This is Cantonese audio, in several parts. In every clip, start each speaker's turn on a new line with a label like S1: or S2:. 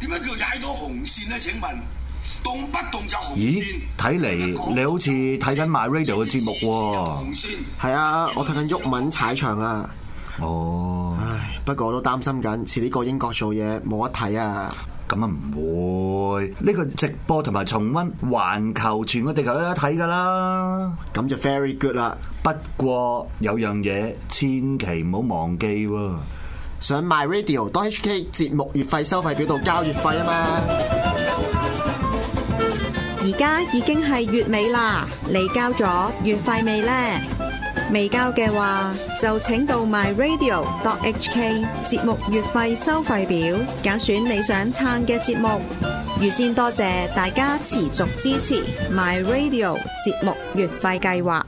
S1: 點解叫踩到紅線咧？請問動不動就紅線？咦，睇嚟你好似睇緊 My Radio 嘅節目喎。紅線？係啊，我睇緊郁文踩場啊。哦、嗯，唉、 嗯嗯嗯嗯嗯，不過我都擔心緊，似呢個英國做嘢冇得睇啊。咁啊唔會，呢、這個直播同埋重溫，環球，全個地球都有得睇噶啦。咁 就 very good 啦。不過有樣嘢，千祈唔好忘記喎。想 myradio.hk 節目月費收費表度交月費啊嘛，而
S2: 家已經係月尾啦，你交咗月費未呢？未交嘅話就請到 myradio.hk 節目月費收費表揀選你想撐嘅節目，預先多謝，謝大家持續支持 myradio 節目月費計劃。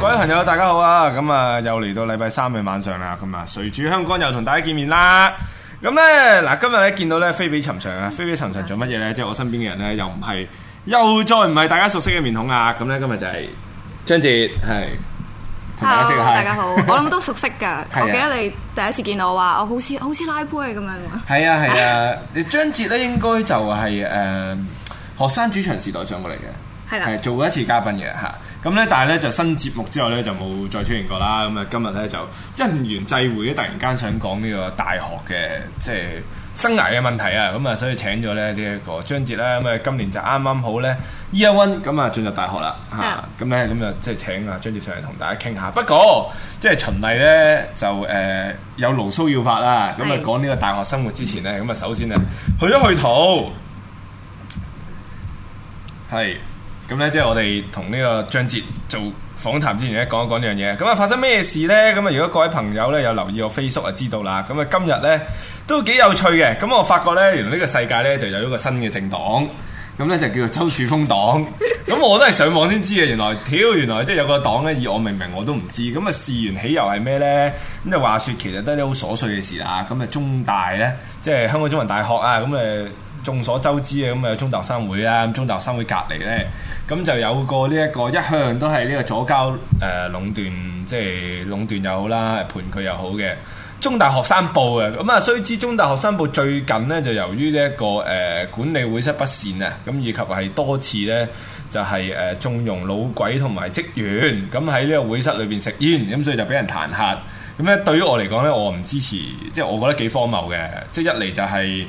S1: 各位朋友，大家好啊！咁啊，又嚟到禮拜三嘅晚上啦，咁啊，誰主香江又同大家見面啦。咁咧，嗱，今日咧見到咧非比尋常啊，非比尋常做乜嘢咧？即係我身邊嘅人咧，又唔係又再唔係大家熟悉嘅面孔啊！咁咧，今日就係張婕，係大家好，大家好，我諗都
S2: 熟悉噶，啊、我記得你第一次見到我話，我好似好似拉杯咁樣。
S1: 係啊係啊，你、啊、 張婕咧應該就係、是、誒、呃、學生主場時代上過嚟嘅，係啦、啊，係做過一次嘉賓嘅嚇。咁咧，但係咧就新節目之後咧就冇再出現過啦。咁啊，今日咧就因緣際會突然間想講呢個大學嘅即係生涯嘅問題啊。咁啊，所以請咗咧呢一個張婕啦。咁啊，今年就啱啱好咧，year one 咁啊進入大學啦。吓，咁咧咁啊，即係請啊張婕上嚟同大家傾下。不過即係循例咧就誒、呃、有牢騷要發啦。咁啊，講呢個大學生活之前咧，咁啊、mm hmm. 首先啊去一去圖系。Mm hmm. 咁咧，即係我哋同呢個張婕做訪談之前咧，講一講呢樣嘢。咁啊，發生咩事呢？咁啊，如果各位朋友咧有留意我 Facebook 就，知道啦。咁啊，今日呢，都幾有趣嘅。咁我發覺呢，原來呢個世界呢，就有一個新嘅政黨。咁呢就叫做周樹峰黨。咁我都係上網先知嘅。原來，屌，原來即係有個黨呢，以我命名我都唔知。咁啊，事緣起由係咩呢？咁就話說，其實都係啲好瑣碎嘅事啊。咁啊，中大呢，即係香港中文大學啊，咁誒。眾所周知啊，咁啊中大學生會啦，咁中大學生會隔籬呢，咁就有個呢一個一向都係呢個左膠誒壟斷，即係壟斷又好啦，盤踞又好嘅中大學生報啊，咁啊雖知中大學生報最近呢，就由於呢一個誒、呃、管理會室不善啊，咁以及係多次呢，就係誒縱容老鬼同埋職員，咁喺呢個會室裏邊食煙，咁所以就俾人彈劾。咁咧對於我嚟講呢，我唔支持，即係我覺得幾荒謬嘅，即係一嚟就係。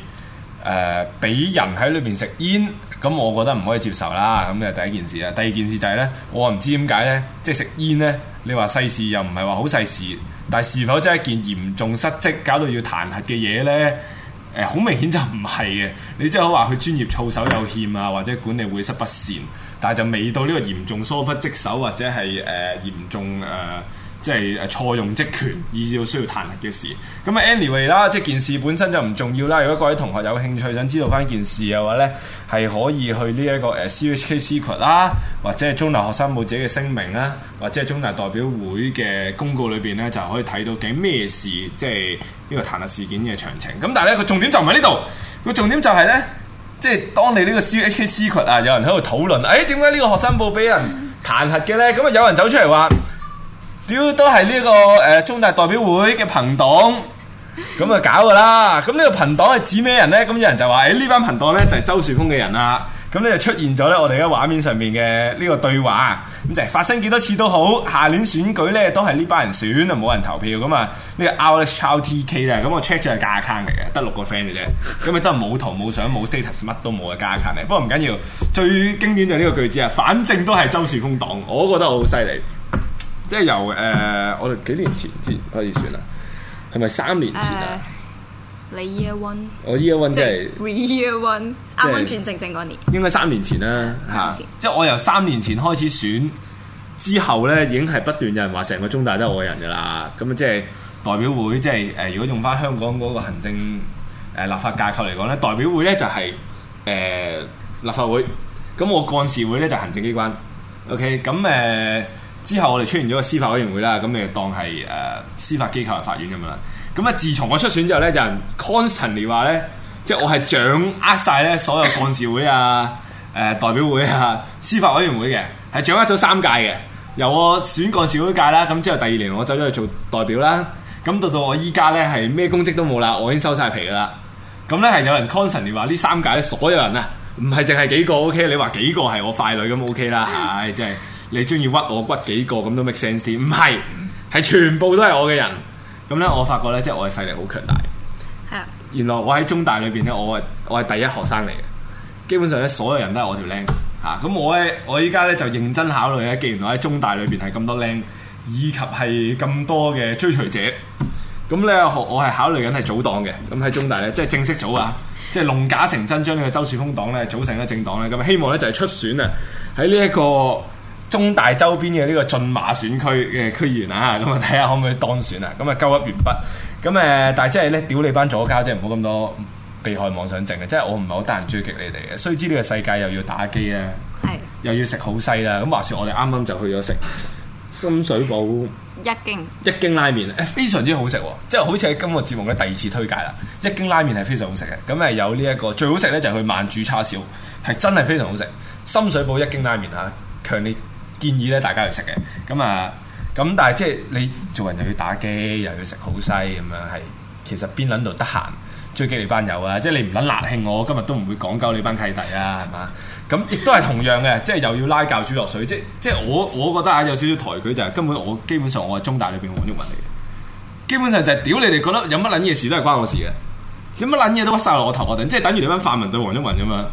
S1: 誒俾、呃、人喺裏邊食煙，咁我覺得唔可以接受啦。咁就第一件事啊。第二件事就係、是、呢。我唔知點解呢，即係食煙呢，你話細事又唔係話好細事，但係是，是否真係一件嚴重失職搞到要彈劾嘅嘢呢？好、呃、明顯就唔係嘅。你即係話佢專業操守有欠啊，或者管理會失不善，但係就未到呢個嚴重疏忽職守或者係誒、呃、嚴重誒。呃即係誒錯用職權以至需要彈劾嘅事，咁啊 anyway 啦，即係件事本身就唔重要啦。如果各位同學有興趣想知道翻件事嘅話咧，係可以去呢、這、一個誒 CHK、呃、C 群啦，H、Secret, 或者係中大學生報自己嘅聲明啦，或者係中大代表會嘅公告裏邊咧，就可以睇到幾咩事即係呢個彈劾事件嘅詳情。咁但係咧個重點就唔喺呢度，個重點就係咧，即係當你呢個 CHK Secret 啊有人喺度討論，誒點解呢個學生報俾人彈劾嘅咧？咁啊、嗯、有人走出嚟話。都係呢個誒中大代表會嘅朋黨，咁啊搞噶啦。咁呢個朋黨係指咩人呢？咁有人就話：呢班朋黨呢就係周樹峰嘅人啦。咁呢就出現咗呢我哋嘅畫面上面嘅呢個對話，咁就發生幾多次都好，下年選舉呢都係呢班人選就冇人投票。咁啊呢個 Alex Chow TK 咧，咁我 check 咗係假坑嚟嘅，得六個 friend 嘅啫，咁啊都係冇圖冇相冇 status，乜都冇嘅假坑嚟。不過唔緊要，最經典就呢個句子啊，反正都係周樹峰黨，我覺得好犀利。即係由誒、呃，我哋幾年前先開始選啦，係咪三年
S2: 前啊？你、uh, Year One，我、oh, Year One 即係是是 Year One，啱啱轉正正嗰年，
S1: 應該三年前啦、啊。三、啊、即係我由三年前開始選之後咧，已經係不斷有人話成個中大都係我人噶啦。咁、啊、即係代表會，即係誒、呃，如果用翻香港嗰個行政誒、呃、立法架構嚟講咧，代表會咧就係、是、誒、呃、立法會。咁我幹事會咧就是、行政機關，OK，咁誒。呃之後我哋出現咗個司法委員會啦，咁你當係誒、呃、司法機構、法院咁樣啦。咁啊，自從我出選之後咧，有人 constantly 話咧，即係我係掌握晒咧所有幹事會啊、誒、 呃、代表會啊、司法委員會嘅，係掌握咗三屆嘅。由我選幹事會屆啦，咁之後第二年我走咗去做代表啦，咁到到我依家咧係咩公職都冇啦，我已經收晒皮啦。咁咧係有人 constantly 話呢三屆咧所有人啊，唔係淨係幾個 OK，你話幾個係我傀儡咁 OK 啦唉，即係。你中意屈我屈幾個咁都 make sense 啲，唔係，係全部都係我嘅人。咁呢，我發覺呢，即係我嘅勢力好強大。係啊，原來我喺中大裏邊呢，我係我係第一學生嚟嘅。基本上呢，所有人都係我條靚嚇。咁、啊、我呢，我依家呢，就認真考慮呢，既然我喺中大裏邊係咁多靚，以及係咁多嘅追隨者，咁呢，我我係考慮緊係組黨嘅。咁喺中大呢，即係正式組啊， 即係弄假成真，將呢個周氏風黨呢組成一個政黨呢。咁希望呢，就係、是、出選啊、這個！喺呢一個中大周邊嘅呢個駿馬選區嘅、呃、區議員啊，咁啊睇下可唔可以當選啊？咁啊鳩一完畢，咁、啊、誒，但係即係咧屌你班左膠，即係唔好咁多被害妄想症嘅，即係我唔係好得閒追擊你哋嘅。雖知呢個世界又要打機是啊，係又要食好西啦。咁話説我哋啱啱就去咗食深水埗一經一經拉麵，誒非常之好食喎、啊！即係好似喺今個節目嘅第二次推介啦，一經拉麵係非常好食嘅。咁、啊、誒、嗯、有呢、這、一個最好食咧就係去慢煮叉燒，係真係非常好食。深水埗一經拉麵啊，強烈！建議咧，大家去食嘅咁啊！咁但係即係你做人又要打機，又要食好西咁樣，係其實邊撚度得閒，追擊你班友啊，即係你唔撚辣興，我今日都唔會講究你班契弟啊，係嘛？咁亦都係同樣嘅，即係又要拉教主落水，即即係我我覺得啊，有少少抬舉就係根本我基本上我係中大裏邊黃毓民嚟嘅，基本上就係、是、屌你哋覺得有乜撚嘢事都係關我事嘅，有乜撚嘢都甩晒落我頭，我頂，即係等於你班泛民對黃毓民咁樣，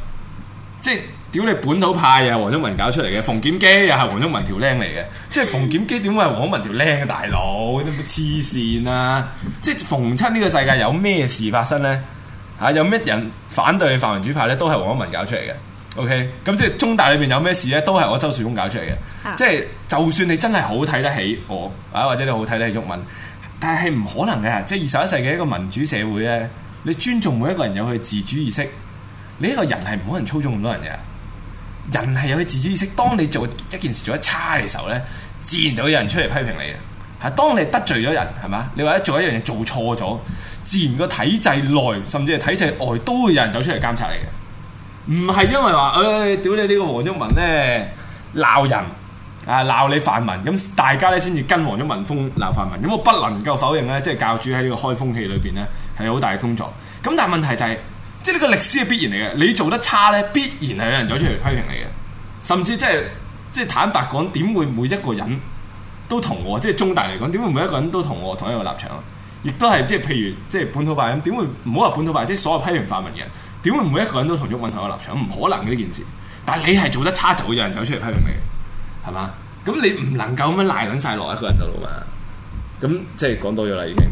S1: 即係。如果你本土派又係，黃毓民搞出嚟嘅，馮檢基又係黃毓民條僆嚟嘅， 即係馮檢基點會係黃毓民條僆嘅大佬，啲乜黐線啊！即係馮親呢個世界有咩事發生呢？嚇、啊、有咩人反對泛民主派咧？都係黃毓民搞出嚟嘅。OK，咁即係中大裏邊有咩事咧？都係我周樹峰搞出嚟嘅。啊、即係就算你真係好睇得起我啊，或者你好睇得起毓民，但係唔可能嘅。即係二十一世紀一個民主社會咧，你尊重每一個人有佢自主意識，你一個人係唔可能操縱咁多人嘅。人係有佢自主意識，當你做一件事做得差嘅時候呢，自然就會有人出嚟批評你嘅。嚇、啊，當你得罪咗人，係嘛？你或者做一樣嘢做錯咗，自然個體制內甚至係體制外都會有人走出嚟監察你嘅。唔係因為話，誒、哎，屌你呢個黃毓民呢，鬧人啊，鬧你泛民，咁大家咧先至跟黃毓民風鬧泛民。咁我不能夠否認呢，即係教主喺呢個開風氣裏邊呢，係好大嘅工作。咁但係問題就係、是。即係呢個歷史係必然嚟嘅，你做得差咧，必然係有人走出嚟批評你嘅。甚至即係即係坦白講，點會，會，會，會每一個人都同我？即係中大嚟講，點會每一個人都同我同一個立場啊？亦都係即係譬如即係本土派。咁，點會唔好話本土派？即係所有批評泛民嘅人，點會每一個人都同鬱允同一立場？唔可能嘅呢件事。但係你係做得差，就會有人走出嚟批評你，嘅，係嘛？咁你唔能夠咁樣賴撚晒落一個人度嘛？咁 即係講多咗啦，已經。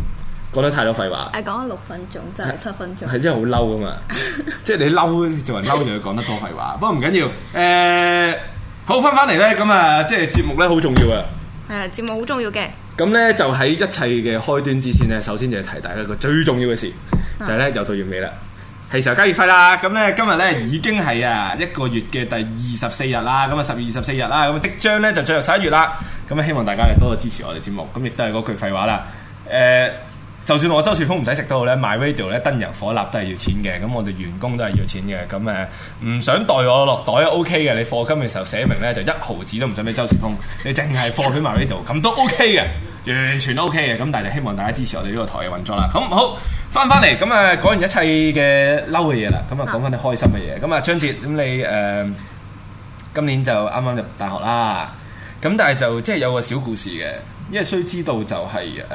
S1: 講得太多廢話。
S2: 誒，講
S1: 咗六分鐘，就係、是、七分鐘。係真係好嬲啊嘛！ 即係你嬲，仲係嬲，仲要講得多廢話。不過唔緊要。誒、呃，好，翻返嚟咧，咁啊，即係節目咧，好重要啊。係
S2: 啊，節目好重要嘅。
S1: 咁咧就喺一切嘅開端之前咧，首先就係提大家一個最重要嘅事，啊、就係咧又到月尾啦，係時候交月費啦。咁咧今日咧已經係啊一個月嘅第二十四日啦，咁啊十月二十四日啦，咁啊即將咧就進入十一月啦。咁啊希望大家多多支持我哋節目，咁亦都係嗰句廢話啦。誒、呃。就算我周志峰唔使食都好咧，MyRadio 咧，燈油火蠟都係要錢嘅。咁我哋員工都係要錢嘅。咁誒，唔想我袋我落袋，O K 嘅。你貨金嘅時候寫明咧，就一毫子都唔想俾周志峰。你淨係貨取埋 MyRadio 咁都 O K 嘅，完全 O K 嘅。咁但係就希望大家支持我哋呢個台嘅運作啦。咁好，翻返嚟，咁誒，講完一切嘅嬲嘅嘢啦，咁啊，講翻啲開心嘅嘢。咁啊，張婕，咁你誒今年就啱啱入大學啦。咁但係就即係有個小故事嘅，因為需知道就係誒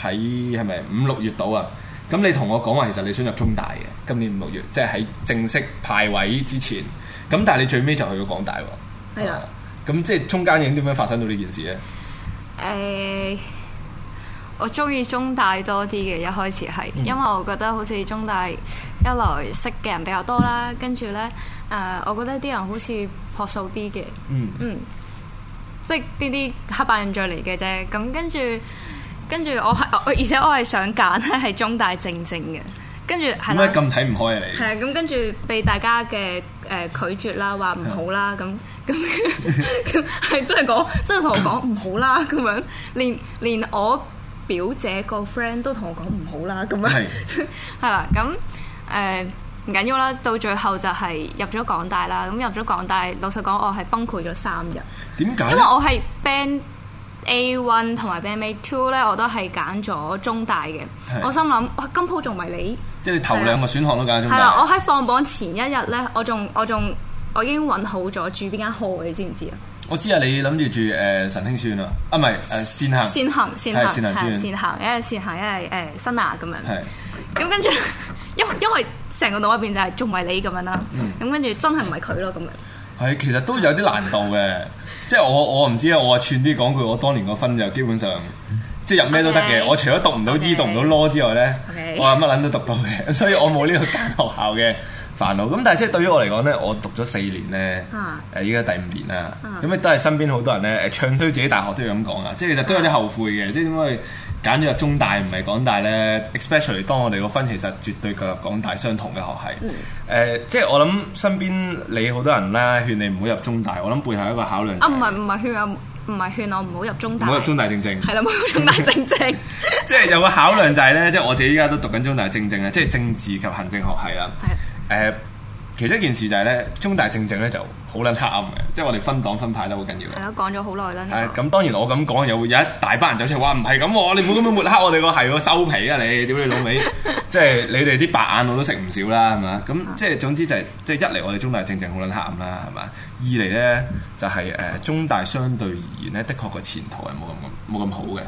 S1: 喺係咪五六月度啊？咁你同我講話，其實你想入中大嘅，今年五六月，即係喺正式派位之前。咁但係你最尾就去咗港大喎。係啊的。咁即係中間已經點樣發生到呢件事咧？
S2: 誒、欸，我中意中大多啲嘅，一開始係，嗯、因為我覺得好似中大一來識嘅人比較多啦，跟住咧誒，我覺得啲人好似樸素啲嘅。嗯。嗯。即係啲啲黑白印象嚟嘅啫，咁跟住跟住我係而且我係想揀咧係中大正正嘅，跟住係。點解咁
S1: 睇唔開啊？你係
S2: 啊，咁跟住被大家嘅誒拒絕啦，話唔好啦，咁咁係真係講真係同我講唔好啦，咁樣連連我表姐個 friend 都同我講唔好啦，咁啊係啦，咁誒是的。 唔緊要啦，到最後就係入咗港大啦。咁入咗港大，老實講，我係崩潰咗三日。點解？因為我係 Band A One 同埋 Band A Two 咧，我都係揀咗中大嘅。我心諗哇，金鋪仲唔係你？即
S1: 係你頭兩個選項都揀中。係啦，我喺
S2: 放榜前一日咧，我仲我仲我已經揾好咗住邊間號，你知唔知啊？
S1: 我知啊，你諗住住誒神興算啊？啊唔係誒善行善
S2: 行善行善行，一係善行，一係誒新亞咁樣。咁跟住，因因為。成個腦入邊就係仲唔係你咁樣啦，咁跟住真係唔係佢咯咁樣。
S1: 係，其實都有啲難度嘅，即係我我唔知啊。我話串啲講句，我當年個分就基本上即係入咩都得嘅。我除咗讀唔到醫讀唔到 law 之外咧，我乜撚都讀到嘅，所以我冇呢個揀學校嘅煩惱。咁但係即係對於我嚟講咧，我讀咗四年咧，誒依家第五年啦，咁亦都係身邊好多人咧誒唱衰自己大學都要咁講啊，即係其實都有啲後悔嘅，即係因為。揀咗入中大唔係港大咧，especially 當我哋個分其實絕對夠入港大相同嘅學係。誒、嗯呃，即係我諗身邊你好多人咧勸你唔好入中大，我諗背後一個考量、就是。
S2: 啊，唔係唔係勸我，唔係勸我唔好入中大。唔好入中
S1: 大正正。係啦、 就是，唔好入中大正正。即係有個考量就係咧，即係我自己依家都讀緊中大正正啊，即係政治及行政學係啦。係的。誒、呃。其實一件事就係、是、咧，中大正正咧就好撚黑暗嘅，即係我哋分黨分派得好緊要。係咯、
S2: 啊，講咗好耐
S1: 啦。咁，當然我咁講又會有一大班人走出嚟話唔係咁喎，你咁樣抹黑我哋個係喎，收皮 啊你，屌你老味， 即係你哋啲白眼我都食唔少啦，係嘛？咁即係總之就係、是，即係一嚟我哋中大正正好撚黑暗啦，係嘛？二嚟咧、嗯、就係、是、誒、呃、中大相對而言咧，的確個前途係冇咁冇咁好嘅，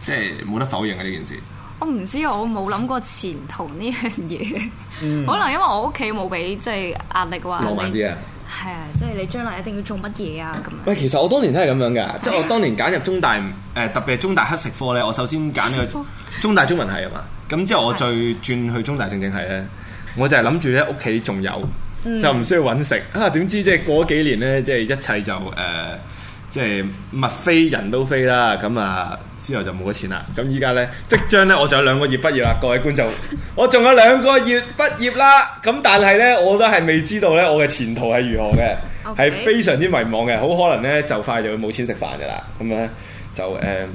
S1: 即係冇得否認嘅呢件事。
S2: 我唔知，我冇諗過前途呢樣嘢。嗯、
S1: 可能
S2: 因為我屋企冇俾即係壓力話，係啊，即、就、係、係、你將來一定要做乜嘢啊咁。
S1: 喂，其實我當年都係咁樣嘅， 即係我當年揀入中大誒，特別係中大黑食科咧，我首先揀咗中大中文系啊嘛。咁 之後我再轉去中大政政系咧， 我就係諗住咧屋企仲有，
S2: 就唔需要
S1: 揾食、嗯、啊。點知即係過幾年咧，即係一切就誒。呃即係物飛人都飛啦，咁啊之後就冇咗錢啦。咁依家呢，即將呢，我仲有兩個月畢業啦，各位觀眾， 我仲有兩個月畢業啦。咁但係呢，我都係未知道呢，我嘅前途係如何嘅，係 Okay. 非常之迷惘嘅，好可能呢，就快就會冇錢食飯噶啦。咁樣呢就誒、呃，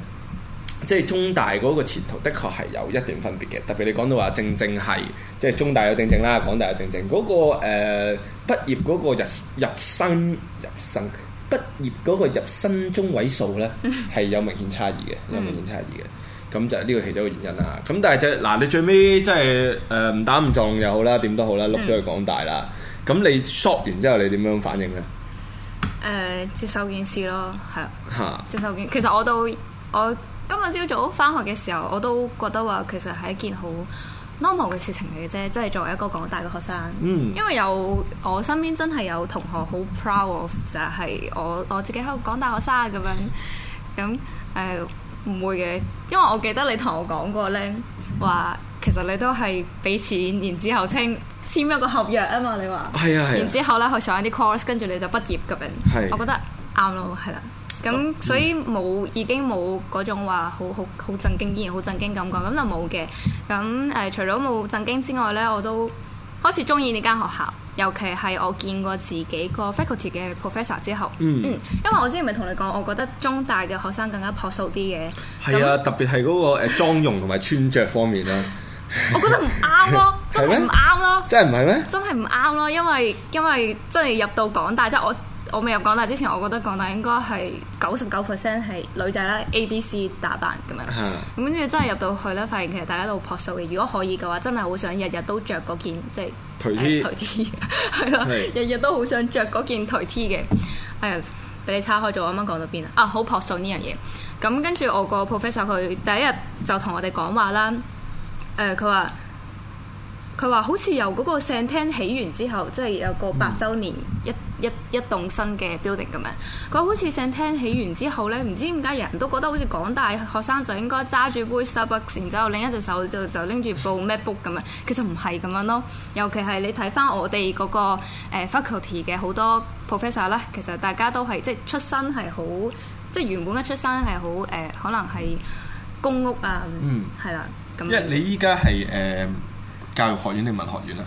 S1: 即係中大嗰個前途，的確係有一段分別嘅。特別你講到話正正係，即係中大有正正啦，港大有正正嗰、那個誒、呃、畢業嗰個入入生入生。入生畢業嗰個入新中位數咧，係有明顯差異嘅， 有明顯差異嘅，咁、嗯、就呢個其中一個原因是、就是、啦。咁但係就嗱，你最尾即係誒唔打唔撞又好啦，點都好啦，碌咗去港大啦。咁、嗯、你 short 完之後，你點樣反應咧？
S2: 誒、呃，接受件事咯，係啊，接受件事。其實我到我今日朝早返學嘅時候，我都覺得話，其實係一件好。Normal 嘅事情嚟嘅啫，即、就、係、是、作為一個港大嘅學生，嗯、因為有我身邊真係有同學好 proud of 就係我我自己喺度港大學生咁樣咁誒，唔、呃、會嘅，因為我記得你同我講過咧，話其實你都係俾錢，然之後清簽簽一個合約啊嘛，嗯、你話係啊，然之後咧去上一啲 course，跟住你就畢業咁樣，嗯、是我覺得啱咯，係啦。咁、嗯、所以冇，已經冇嗰種話好好好震驚，依然好震驚感覺，咁就冇嘅。咁誒、呃，除咗冇震驚之外咧，我都開始中意呢間學校，尤其係我見過自己個 faculty 嘅 professor 之後，嗯，因為我之前咪同你講，我覺得中大嘅學生更加樸素啲嘅，
S1: 係啊、嗯，嗯、特別係嗰個誒妝容同埋穿着方面啦， 我覺得唔
S2: 啱咯，係咩？唔啱咯，真係唔係咩？真係唔啱咯，因為因為真係入到港大即係我。我未入港大之前，我覺得港大應該係九十九 percent 係女仔啦。A、B、C 打扮咁樣，咁跟住真係入到去咧，發現其實大家都好樸素嘅。如果可以嘅話，真係好想日日都着嗰件即係
S1: 台 T，係
S2: 啦，日、就、日、是屏呃、 日日都好想着嗰件台 T 嘅。哎呀，俾你岔開咗，我啱啱講到邊啊？啊，好樸素呢樣嘢。咁跟住我個 professor 佢第一日就同我哋講話啦。誒，佢話。呃佢話好似由嗰個 Centennial 起完之後，即、就、係、是、有個八周年一、嗯、一一棟新嘅 building 咁樣。佢話好似 Centennial 起完之後咧，唔知點解人都覺得好似港大學生就應該揸住杯 Starbucks，然之後另一隻手就就拎住部 MacBook 咁樣。其實唔係咁樣咯。尤其係你睇翻我哋嗰、那個誒、呃、Faculty 嘅好多 Professor 咧，其實大家都係即係出身係好，即係原本一出生係好誒，可能係公屋啊，係啦咁。因為
S1: 你依家係誒。呃教育學院定文學院啊？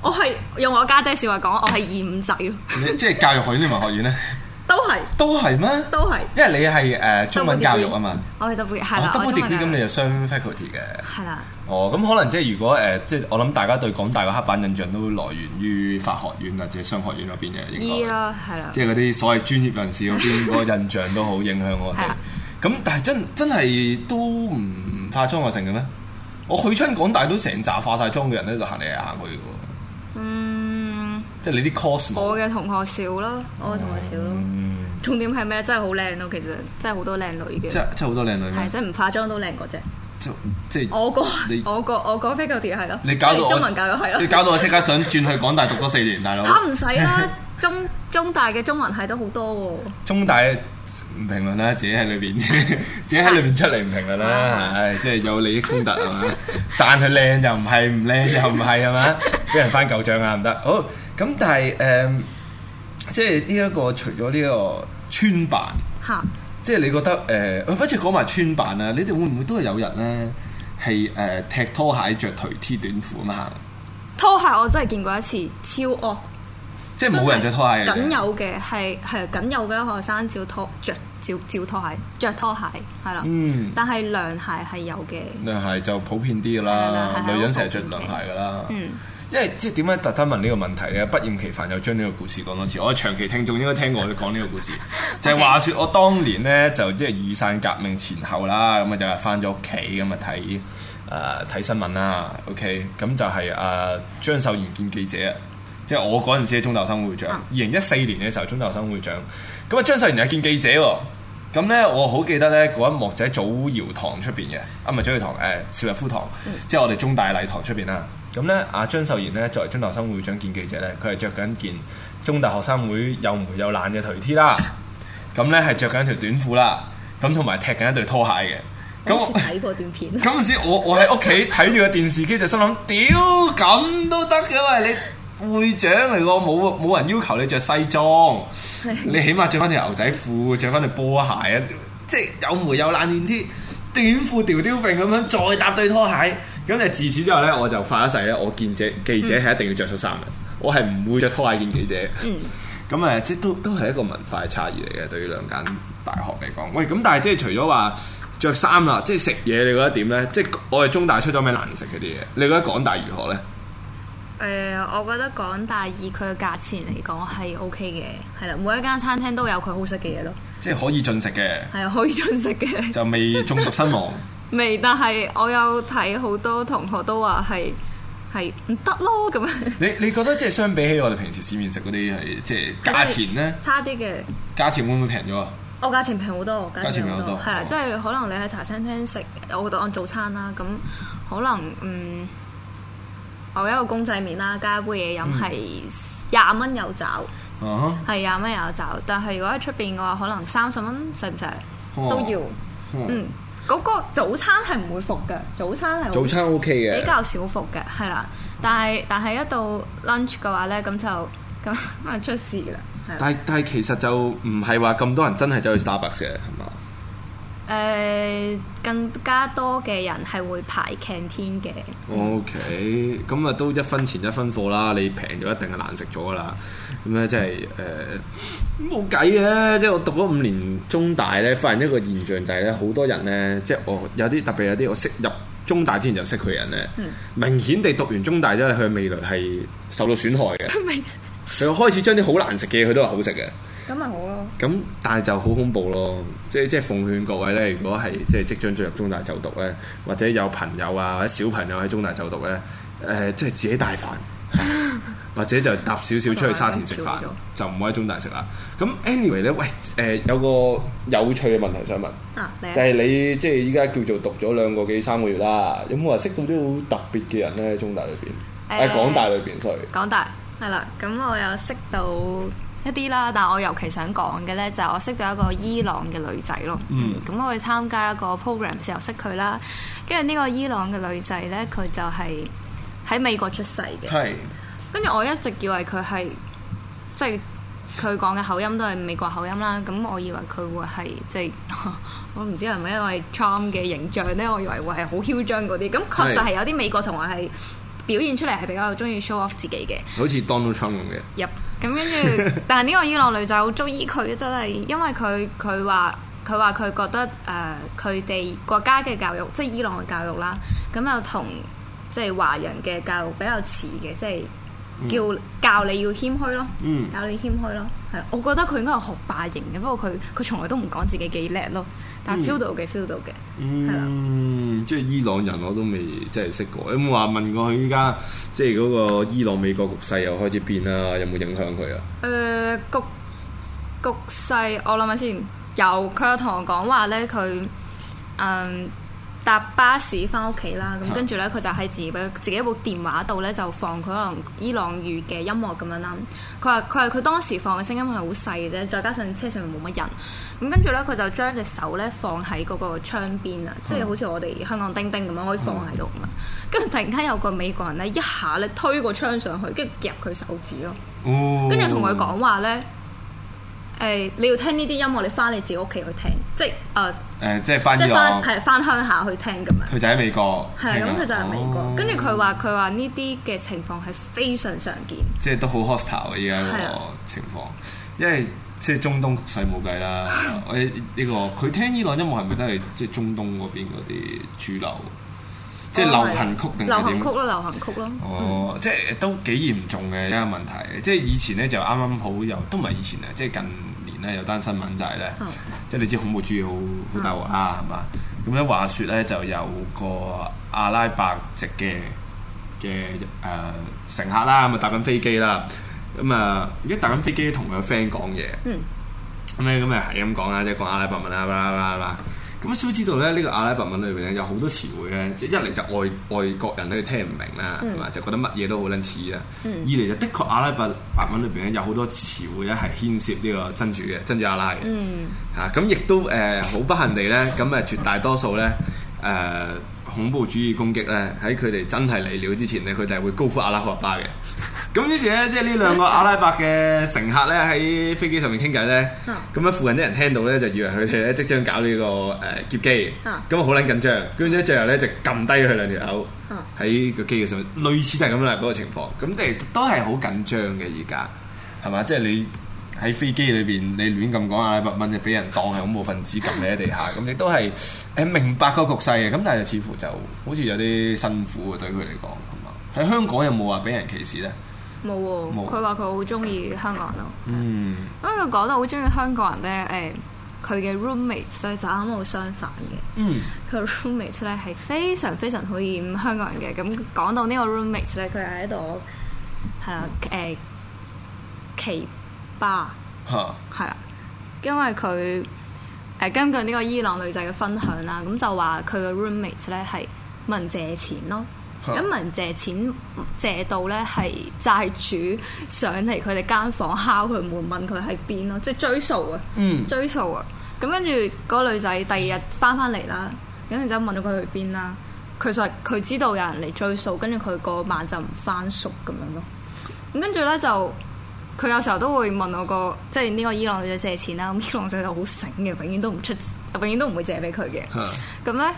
S2: 我係用我家姐，姐說話講，我係二五仔咯。
S1: 即係教育學院定文學院咧？
S2: 都係是，
S1: 都係咩？
S2: 都係是，因為你
S1: 係誒中文教育啊嘛。
S2: 我係 double 係啦，double degree 咁
S1: 你就雙 faculty 嘅。係啦。哦，咁可能即係如果誒，即係我諗大家對港大嘅刻板印象都來源於法學院或者商學院邊嘅。咯，係
S2: 啦、啊。即
S1: 係啲所謂專業人士邊個印象都好影響我哋。咁 的但係真真係都唔化妝而成嘅咩？我去親港大都成紮化晒妝嘅人咧就行嚟行去喎。嗯。即係你啲 cos 我
S2: 嘅同學少咯，我嘅同學少咯。嗯、重點係咩？真係好靚咯，其實真係好多靚女嘅。真
S1: 真好多靚女咩？係
S2: 真唔化妝都靚嗰隻。
S1: 即即係。我個你我
S2: 個我個飛狗貼係咯。你搞到中文教育係咯？你搞到
S1: 我即刻想轉去港大讀多四年大佬。嚇唔
S2: 使啦。 中中大嘅中文系都好多，
S1: 中大唔評論啦，自己喺裏邊，自己喺裏邊出嚟唔評論啦，唉、 哎，即、就、係、是、有利益衝突係、啊、嘛，讚佢靚又唔係，唔靚又唔係係嘛，俾 人翻舊賬啊唔得，好咁但係誒、嗯，即係呢一個除咗呢個穿扮，吓， 即係你覺得誒，好似講埋穿扮啊？你哋會唔會都係有人咧係誒踢拖鞋着頹 T 短褲啊嘛？
S2: 拖鞋我真係見過一次，超惡。
S1: 即係冇人着拖鞋嘅，僅有
S2: 嘅係係僅有嘅學生照拖着着着拖鞋着拖鞋係啦，嗯、但係涼鞋係有嘅，
S1: 涼鞋就普遍啲啦，女人成日着涼鞋噶啦，嗯、因為即係點解特登問呢個問題嘅？不厭其煩又將呢個故事講多次，我長期聽眾應該聽過我哋講呢個故事，就係 Okay. 話說我當年咧就即、是、係雨傘革命前後啦，咁啊就係翻咗屋企，咁啊睇誒睇新聞啦，OK，咁就係誒張秀賢見記者。即係我嗰陣時嘅中大學生會長，二零一四年嘅時候，中大學生會長。咁啊，張秀賢係見記者喎。咁咧，我好記得咧，嗰一幕就喺祖堯堂出邊嘅，啊唔係祖堯堂，誒、欸、邵逸夫堂，嗯、即係我哋中大禮堂出邊啦。咁咧，阿張秀賢咧作為中大學生會長見記者咧，佢係着緊件中大學生會又黴又爛嘅頹 T 啦。咁咧係着緊一條短褲啦。咁同埋踢緊一對拖鞋嘅。咁
S2: 我睇過段片。
S1: 咁陣時我我喺屋企睇住個電視機就心諗， 屌咁都得嘅喂你。會長嚟喎，冇冇人要求你着西裝，
S2: 你起
S1: 碼着翻條牛仔褲，着翻對波鞋啊！即係有模有冷鏈啲短褲吊吊柄咁樣，再搭對拖鞋，咁就自此之後咧，我就發一誓咧，我見記者記者係一定要着出衫嘅，嗯、我係唔會着拖鞋見記者。咁誒、嗯，即都都係一個文化嘅差異嚟嘅，對於兩間大學嚟講。喂，咁但係即係除咗話着衫啦，即係食嘢你覺得點咧？即係我哋中大出咗咩難食嗰啲嘢？你覺得港大如何咧？
S2: 誒、呃，我覺得講大，以佢嘅價錢嚟講係 O K 嘅，係啦、OK，每一間餐廳都有佢好食嘅嘢咯。
S1: 即係可以進食嘅。
S2: 係啊，可以進食嘅。就
S1: 未中毒身亡。
S2: 未，但係我有睇好多同學都話係係唔得咯咁啊。樣
S1: 你你覺得即係相比起我哋平時市面食嗰啲係即係價錢咧？差啲嘅。價錢會唔會平咗啊？
S2: 我價錢平好多，價錢平好多。係啦，對好即係可能你喺茶餐廳食，我覺得按早餐啦，咁可能嗯。嗯我一個公仔麵啦，加一杯嘢飲，係廿蚊有找，係廿蚊有找。但係如果喺出邊嘅話，可能三十蚊使唔使都要？Uh huh. 嗯，嗰、嗰個早餐係唔會服嘅，早餐係早餐 OK 嘅，比較少服嘅，係啦。但係但係一到 lunch 嘅話咧，咁就咁啊 出事啦。但係但係其
S1: 實就唔係話咁多人真係走去 Starbucks 嘅，係咪？
S2: 誒、呃、更加多嘅人係會排 canteen 嘅。
S1: OK，咁啊都一分錢一分貨啦，你平咗一定係難食咗噶啦。咁咧即係誒冇計嘅，即、呃、係、啊就是、我讀咗五年中大咧，發現一個現象就係、是、咧，好多人咧，即、就、係、是、我有啲特別有啲我識入中大之前就識佢人咧，嗯、明顯地讀完中大之後，佢嘅未來係受到損害嘅。佢 開始將啲好難食嘅嘢，佢都話好食嘅。
S2: 咁咪
S1: 好咯！咁但係就好恐怖咯，即係即係奉勸各位咧，如果係即係即將進入中大就讀咧，或者有朋友啊或者小朋友喺中大就讀咧，誒、呃、即係自己帶飯， 或者就搭少少出去沙田食飯， 就唔好喺中大食啦。咁 anyway 咧，喂誒、呃、有個有趣嘅問題想問，啊、就係你即係依家叫做讀咗兩個幾三個月啦，有冇話識到啲好特別嘅人咧？中大裏邊，誒廣、哎哎、大裏邊所以 r
S2: 廣大係啦，咁我有識到。一啲啦，但係我尤其想講嘅咧，就我識咗一個伊朗嘅女仔咯。咁、嗯、我去參加一個 program 時候識佢啦。跟住呢個伊朗嘅女仔咧，佢就係喺美國出世嘅。跟住是我一直以為佢係即係佢講嘅口音都係美國口音啦。咁我以為佢會係即係我唔知係咪因為 Trump 嘅形象咧，我以為會係好囂張嗰啲。咁確實係有啲美國同學係。表現出嚟係比較中意 show off 自己嘅，
S1: 好似 Donald Trump 咁嘅。
S2: 入咁跟住，但係呢個伊朗女仔好中意佢，真係因為佢佢話佢話佢覺得誒佢哋國家嘅教育，即係伊朗嘅教育啦，咁又同即係華人嘅教育比較似嘅，即係叫教你要謙虛咯，嗯、教你謙虛咯。係啦，我覺得佢應該係學霸型嘅，不過佢佢從來都唔講自己幾叻咯。但 feel 到嘅，feel 到嘅，係
S1: 啦、嗯。的即係伊朗人我都未真係識過。有冇話問過佢依家即係嗰個伊朗美國局勢又開始變啦？有冇影響佢啊？誒、呃、
S2: 局局勢我諗下先，有。佢有同我講話咧，佢嗯。搭巴士翻屋企啦，咁的跟住咧，佢就喺自己自己一部電話度咧，就放佢可能伊朗語嘅音樂咁樣啦。佢話佢話佢當時放嘅聲音係好細嘅啫，再加上車上面冇乜人。咁跟住咧，佢就將隻手咧放喺嗰個窗邊啊，即、就、係、是、好似我哋香港叮叮咁啊，可以放喺度咁啊。跟住、哦、突然間有個美國人咧，一下咧推個窗上去，跟住夾佢手指咯。哦
S1: 哦跟住同佢講
S2: 話咧，誒、欸，你要聽呢啲音樂，你翻你自己屋企去聽，即係誒。Uh,
S1: 誒，即係翻咗，係
S2: 翻 鄉下去聽咁樣。
S1: 佢就喺美國，係啊對，咁佢嗎就喺美國。跟住佢話，
S2: 佢話呢啲嘅情況係非常常見。
S1: 即係都好 hostile 依家個情況，啊、因為即係中東局勢冇計啦。我呢、 呢個佢聽伊朗音樂係咪都係即係中東嗰邊嗰啲主流， 即係流行曲定流行曲
S2: 咯，流行曲咯。哦、嗯，
S1: 即係都幾嚴重嘅一個問題。即係以前咧就啱啱好又都唔係以前啊，即係近。咧有單新聞就係咧，即係你知恐怖主義好好逗啊，係嘛？咁咧話説咧，就有個阿拉伯籍嘅嘅誒乘客啦，咁啊搭緊飛機啦，咁啊一搭緊飛機同佢個 friend 講嘢，咁咧咁咪係咁講啦，即係講阿拉伯文啦啦啦啦。咁所以知道咧，呢個阿拉伯文裏邊咧有好多詞彙嘅，一嚟就外外國人咧聽唔明啦，係嘛、嗯，就覺得乜嘢都好撚似啦。嗯、二嚟就的確阿拉伯文裏邊咧有好多詞彙咧係牽涉呢個真主嘅，真主阿拉嘅嚇。咁亦、嗯啊、都誒好、呃、不幸地咧，咁誒絕大多數咧誒。呃恐怖主義攻擊咧，喺佢哋真係嚟了之前咧，佢哋係會高呼阿拉伯巴嘅。咁 於是咧，即係呢兩個阿拉伯嘅乘客咧，喺飛機上面傾偈咧。咁咧、嗯，附近啲人聽到咧，就以為佢哋咧即將搞呢、呢個誒、呃、劫機。咁好撚緊張，跟住咧最後咧就撳低佢兩條友，喺個、嗯、機嘅上面，類似就係咁啦嗰個情況。咁其實都係好緊張嘅而家，係嘛？即係你。喺飛機裏邊，你亂咁講阿拉伯文，就俾人當係恐怖分子撳你喺地下。咁你都係誒明白個局勢嘅，咁但係似乎就好似有啲辛苦嘅對佢嚟講，係嘛？喺香港有冇話俾人歧視咧？
S2: 冇有，冇有。佢話佢好中意香港人
S1: 咯。
S2: 嗯，因為佢講得好中意香港人咧，誒佢嘅 roommates 咧就啱啱好相反嘅。嗯，佢 roommates 咧係非常非常討厭香港人嘅。咁講到呢個 roommates 咧，佢係喺度係啦誒期。呃啊，係啊，因為佢誒、呃、根據呢個伊朗女仔嘅分享啦，咁就話佢嘅 roommates 咧係、啊、問借錢咯，咁問借錢借到咧係債主上嚟佢哋間房敲佢門問佢喺邊咯，即係追數啊，嗯，追，追數啊，咁跟住嗰個女仔第二日翻翻嚟啦，咁然之後問咗佢去邊啦，其實佢知道有人嚟追數，跟住佢個晚就唔翻宿咁樣咯，咁跟住咧就。佢有時候都會問我個即係呢個伊朗女仔借錢啦，咁伊朗女仔就好醒嘅，永遠都唔出，永遠都唔會借俾佢嘅。咁咧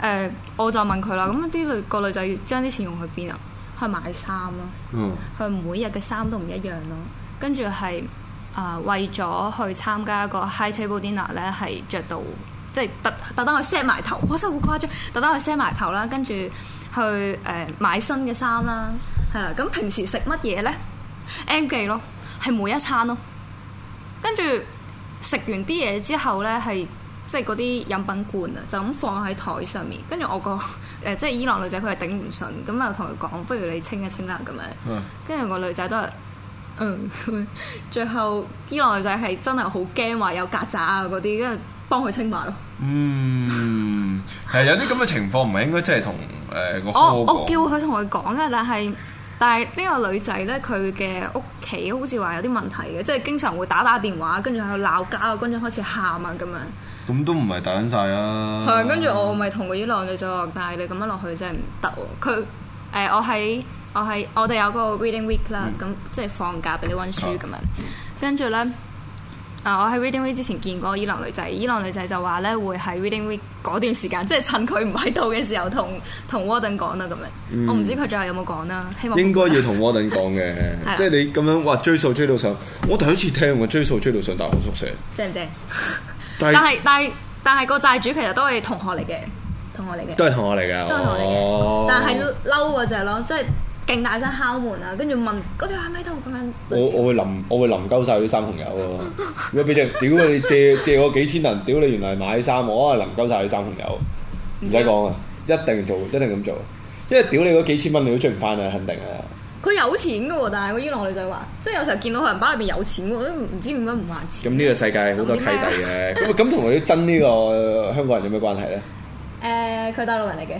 S2: 誒，我就問佢啦。咁啲女個女仔將啲錢用去邊啊？去買衫咯。佢每日嘅衫都唔一樣咯。跟住係啊，為咗去參加一個 high table dinner 咧，係着到即係特特登去 set 埋頭，我真係好誇張！特登去 set 埋頭啦，跟住去誒買新嘅衫啦。係啊，咁平時食乜嘢咧？M 記咯。係每一餐咯，跟住食完啲嘢之後咧，係即係嗰啲飲品罐啊，就咁放喺台上面。跟住我個，誒、呃，即係伊朗女仔，佢係頂唔順，咁啊，同佢講，不如你清一清啦，咁樣。跟住個女仔都係，嗯。最後伊朗女仔係真係好驚話有曱甴啊嗰啲，跟住幫佢清埋咯。嗯，
S1: 係 有啲咁嘅情況，唔係應該即係同誒我我叫佢
S2: 同佢講啊，但係。但係呢個女仔咧，佢嘅屋企好似話有啲問題嘅，即係經常會打打電話，跟住喺度鬧交啊，跟住開始喊啊咁樣。
S1: 咁都唔係大緊曬啊！係跟住
S2: 我咪同佢啲浪女就話，但係你咁樣落去真係唔得喎！佢誒、呃，我喺我喺我哋有個 reading week 啦、嗯，咁即係放假俾你温書咁樣，跟住咧。啊！我喺 Reading Week 之前見過伊朗女仔，伊朗女仔就話咧會喺 Reading Week 嗰段時間，即係趁佢唔喺度嘅時候，同同 Warden 講啦咁樣。我唔知佢最後有冇講啦，希望應該要
S1: 同 Warden 講嘅，即係你咁樣話追數追到上，我第一次聽話追數追到上大學宿舍，正唔正？但係
S2: 但係但係個債主其實都係同學嚟嘅，同學嚟嘅都係
S1: 同學嚟嘅，都係
S2: 同學嚟嘅，但係嬲嗰隻咯，即係。勁大聲敲門啊！跟住問嗰條係咪度？咁樣？
S1: 我我會淋，我會淋鳩晒啲衫，朋友啊！ 如果俾隻屌你借借我幾千銀，屌你原來買衫，我啊淋鳩晒啲衫朋友，唔使講啊！一定做，一定咁做，因為屌你嗰幾千蚊你都追唔翻。啊！肯定啊！
S2: 佢有錢噶喎，但係個伊朗女仔話，即係有時候見到佢人包裏邊有錢喎，都唔知點解唔還錢。
S1: 咁呢個世界好多契弟嘅，咁咁同佢憎呢個香港人有咩關係
S2: 咧？誒、呃，佢大陸人嚟嘅。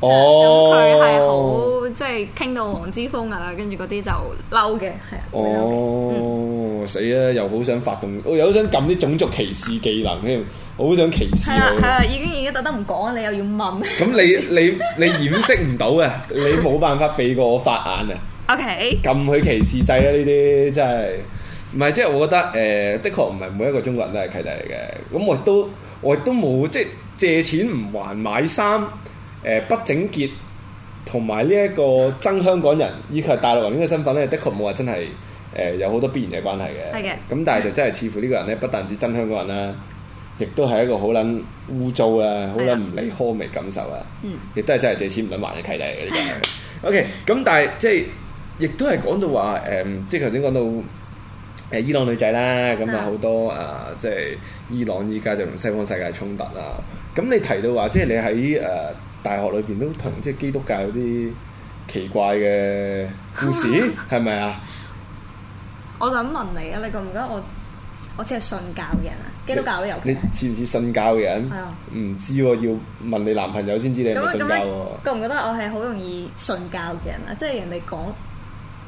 S1: 哦，佢
S2: 係好即係傾到黃之鋒噶啦，跟住嗰啲就嬲嘅，
S1: 係、嗯、啊。哦，死啦、嗯！又好想發動，我又好想撳啲種族歧視技能添，我好、欸、想歧視。係啊係啊，
S2: 已經已經特登唔講，你又要問。
S1: 咁你你你，你掩飾唔到嘅， 你冇辦法避過我法眼啊。OK，撳佢歧視掣啊。呢啲真係，唔係即係我覺得誒、呃，的確唔係每一個中國人都係契弟嚟嘅。咁我都我亦都冇即係借錢唔還買衫。誒、呃、不整潔，同埋呢一個憎香港人，以及大陸人呢個身份咧，的確冇話真係誒、呃、有好多必然嘅關係嘅。係嘅。咁 但係就真係似乎呢個人咧，不但止憎香港人啦，亦都係一個好撚污糟啊，好撚唔理呵味感受啊。哎、呀亦都係真係借錢唔撚還嘅契弟嚟嘅。呢個係。O K。咁、okay, 但係即係亦都係講到話誒、呃，即係頭先講到誒伊朗女仔啦，咁啊好多、嗯、啊，即、就、係、是、伊朗依家就同西方世界衝突啦。咁你提到話，即係你喺誒。 大學裏邊都同即係基督教有啲奇怪嘅故事，係咪 啊？
S2: 我就咁問你啊，你覺唔覺得我我似係信教嘅人啊？基督教都有你。你
S1: 似唔似信教嘅人？係、哦、啊，唔知喎，要問你男朋友先知你係咪信教喎、嗯嗯嗯嗯。覺
S2: 唔覺得我係好容易信教嘅人啊？即係人哋講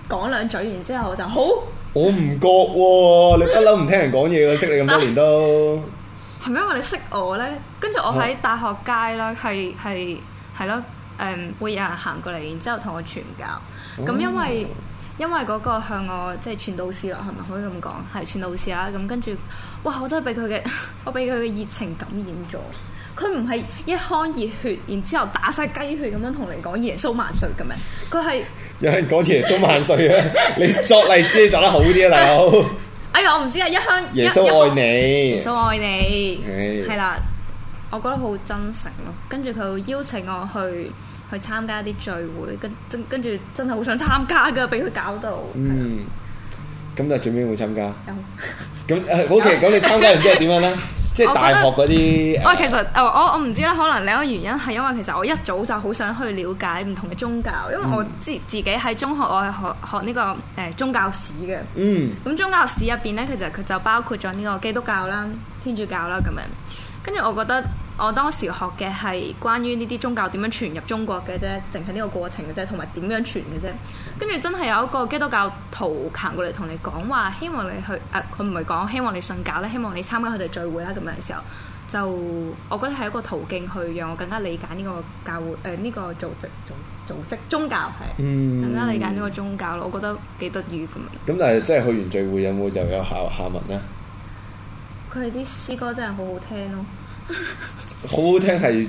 S2: 講兩嘴，然之後我就好
S1: 我、啊。 我唔覺喎，你不嬲唔聽人講嘢，我識你咁多年都、 啊。啊
S2: 係咪因為你識我咧？跟住我喺大學街啦，係係係咯，誒、嗯，會有人行過嚟，然之後同我傳教。
S1: 咁、哦、因為
S2: 因為嗰個向我即係、就是、傳道士啦，係咪可以咁講？係傳道士啦。咁跟住，哇！我都係俾佢嘅，我俾佢嘅熱情感染咗。佢唔係一腔熱血，然之後打晒雞血咁樣同你講耶穌萬歲咁樣。佢係
S1: 有人講耶穌萬歲啊！ 你作例子作得好啲啊，大佬。
S2: 哎呀，我唔知啊！一向耶穌愛
S1: 你，向耶穌
S2: 愛你，係啦嘿，我覺得好真誠咯。跟住佢邀請我去去參加啲聚會，跟跟住真係好想參加噶，俾佢搞到。
S1: 嗯，咁的但係最尾冇參加。咁誒有，好 嘅，咁、okay, 有 你參加完之後點樣咧？ 即係大學嗰啲，
S2: 我覺得，我其實，我我唔知啦。可能另一原因係因為其實我一早就好想去了解唔同嘅宗教，因為我自、嗯、自己喺中學我係學學呢個誒宗教史嘅。嗯，咁宗教史入邊咧，其實佢就包括咗呢個基督教啦、天主教啦咁樣，跟住我覺得。我當時學嘅係關於呢啲宗教點樣傳入中國嘅啫，淨係呢個過程嘅啫，同埋點樣傳嘅啫。跟住真係有一個基督教徒行過嚟同你講話，希望你去誒，佢唔係講希望你信教咧，希望你參加佢哋聚會啦咁樣嘅時候，就我覺得係一個途徑去讓我更加理解呢個教會誒呢、呃呢個組織組組織，組織宗教係，嗯、
S1: 更加理解呢
S2: 個宗教咯。我覺得幾得意咁啊！
S1: 咁、嗯、 但係真係去完聚會有冇就有下下文呢？
S2: 佢哋啲詩歌真係好好聽咯、哦、 ～
S1: 好好聽係，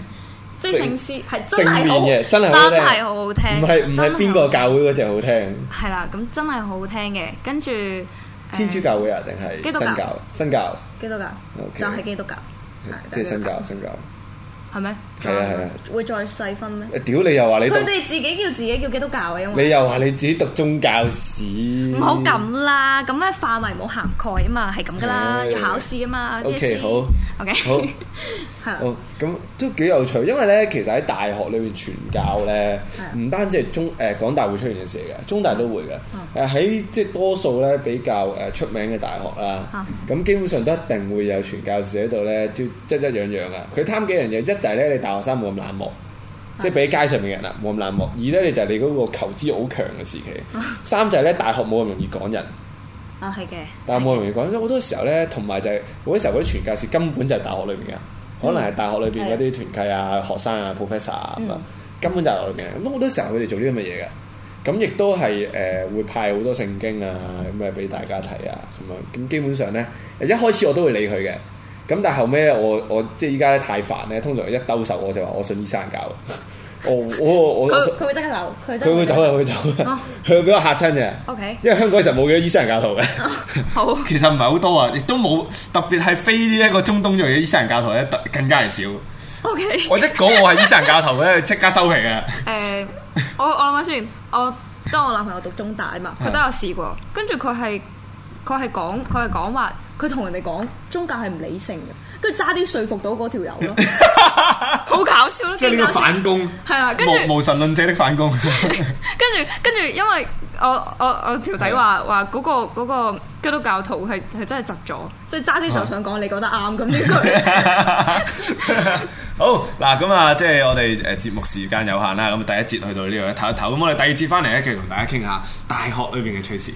S1: 即係聖詩
S2: 係正面嘅，面真係好好聽，唔係唔係邊個
S1: 教會嗰隻好聽，
S2: 係啦是，咁真係好好，好好聽嘅。跟住、嗯、
S1: 天主教會啊，定係新教？新教？
S2: 基督教？就係教基督教，
S1: 即係新教，新教係咩？係啊，係
S2: 啊，會再細分咩？
S1: 屌你又話你佢哋
S2: 自己叫自己叫幾多教啊？因為你
S1: 又話你自己讀宗教史，唔好咁
S2: 啦，咁咩範圍冇涵蓋啊嘛，係咁噶啦，要考試啊嘛。O K，好，O K，好，係。哦，
S1: 咁都幾有趣，因為咧其實喺大學裏邊傳教咧，唔單止係中誒港大會出現嘅事嘅，中大都會嘅。誒喺即係多數咧比較誒出名嘅大學啦，咁基本上都一定會有傳教士喺度咧，即即即樣樣啊！佢貪幾樣嘢，一就係咧你大。大學生冇咁冷漠，即係比街上面嘅人啦，冇咁冷漠。二咧，就是、你就係你嗰個求知好強嘅時期。啊、三就係咧，大學冇咁容易趕人。
S2: 啊，係嘅。
S1: 但係冇咁容易趕，因為好多時候咧，同埋就係、是、好多時候嗰啲傳教士根本就係大學裏邊嘅，可能係大學裏邊嗰啲團契啊、學生啊、professor 啊，根本就係內邊嘅。咁好、嗯、多時候佢哋做啲乜嘢嘅，咁亦都係誒、呃、會派好多聖經啊咁啊俾大家睇啊咁樣。咁基本上咧，一開始我都會理佢嘅。咁但係後尾咧，我我即係依家咧太煩咧，通常一兜手我就話我信伊斯蘭教我，我我我佢佢
S2: 會即刻，會刻會走，佢、啊、
S1: 會走佢會走佢會俾我嚇親嘅。O、okay. K，因為香港其實冇幾多伊斯蘭教徒嘅、
S2: 啊，好，
S1: 其實唔係好多啊，亦都冇特別係非呢一個中東裔嘅伊斯蘭教徒咧，更加係少。
S2: O、okay. K，我一講我係伊斯蘭
S1: 教徒咧，即刻收皮啊。誒、呃，我
S2: 我諗下先，我，想想我當我男朋友讀中大啊嘛，佢都有試過，跟住佢係佢係講佢係講話。佢同人哋講宗教係唔理性嘅，跟住揸啲説服到嗰條友咯，好 搞笑咯！即係呢個反攻，係啦時，無無神
S1: 論者的反攻。
S2: 跟住跟住，因為我我我條仔話話嗰個基督教徒係係真係窒咗，即係揸啲就想講你講得啱咁呢句。
S1: 好嗱，咁啊，即係我哋誒節目時間有限啦，咁第一節去到呢度，一唞一唞咁，我哋第二節翻嚟咧，繼續同大家傾下大學裏邊嘅趣事。